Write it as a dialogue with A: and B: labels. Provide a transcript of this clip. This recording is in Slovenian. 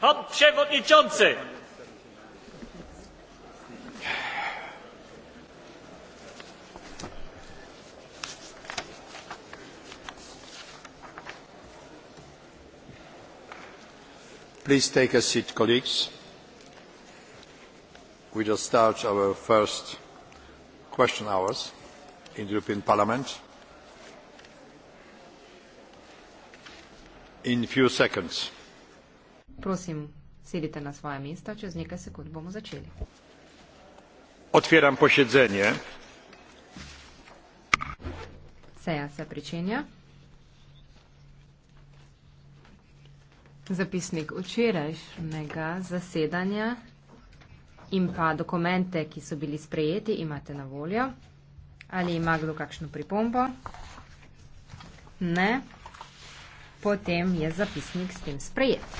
A: Pan przewodniczący!
B: Please take a seat, colleagues. We just start our first question hours in the European Parliament. In a few seconds.
C: Prosim, sedite na svoje mesta, čez nekaj sekund bomo začeli.
D: Odpiram posedzenje.
C: Seja se pričenja. Zapisnik včerajšnjega zasedanja in pa dokumente, ki so bili sprejeti, imate na voljo. Ali ima kdo kakšno pripombo? Ne. Potem je zapisnik s tem sprejet.